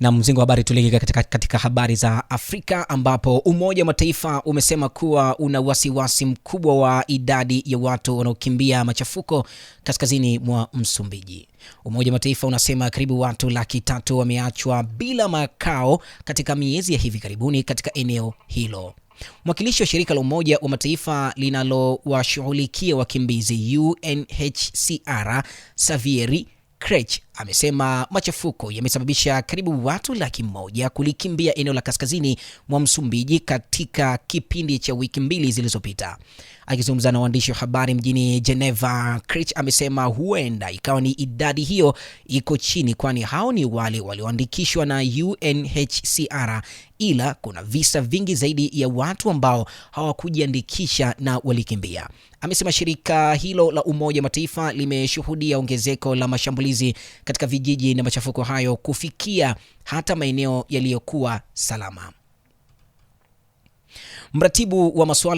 Na mzingo wa habari tulege katika, katika habari za Afrika ambapo Umoja wa Mataifa umesema kuwa una wasiwasi mkubwa wa idadi ya watu wanaokimbia machafuko kaskazini mwa Msumbiji. Umoja wa Mataifa unasema karibu watu laki tatu wameachwa bila makao katika miezi ya hivi karibuni katika eneo hilo. Mwakilishi wa shirika la Umoja wa Mataifa linalowashughulikia wakimbizi UNHCR Savieri Krech amesema machafuko yamesababisha karibu watu laki moja kulikimbia eneo la kaskazini mwa Msumbiji katika kipindi cha wiki mbili zilizopita. Akizungumza na waandishi wa habari mjini Geneva, Krech amesema huenda ikawa ni idadi hiyo iko chini, kwani hao ni wale walioandikishwa na UNHCR ila kuna visa vingi zaidi ya watu ambao hawakujiandikisha na walikimbia. Amesema shirika hilo la Umoja Mataifa limeshuhudia ongezeko la mashambulizi katika vijiji na machafuko hayo kufikia hata maeneo yaliyokuwa salama. Mratibu wa masuala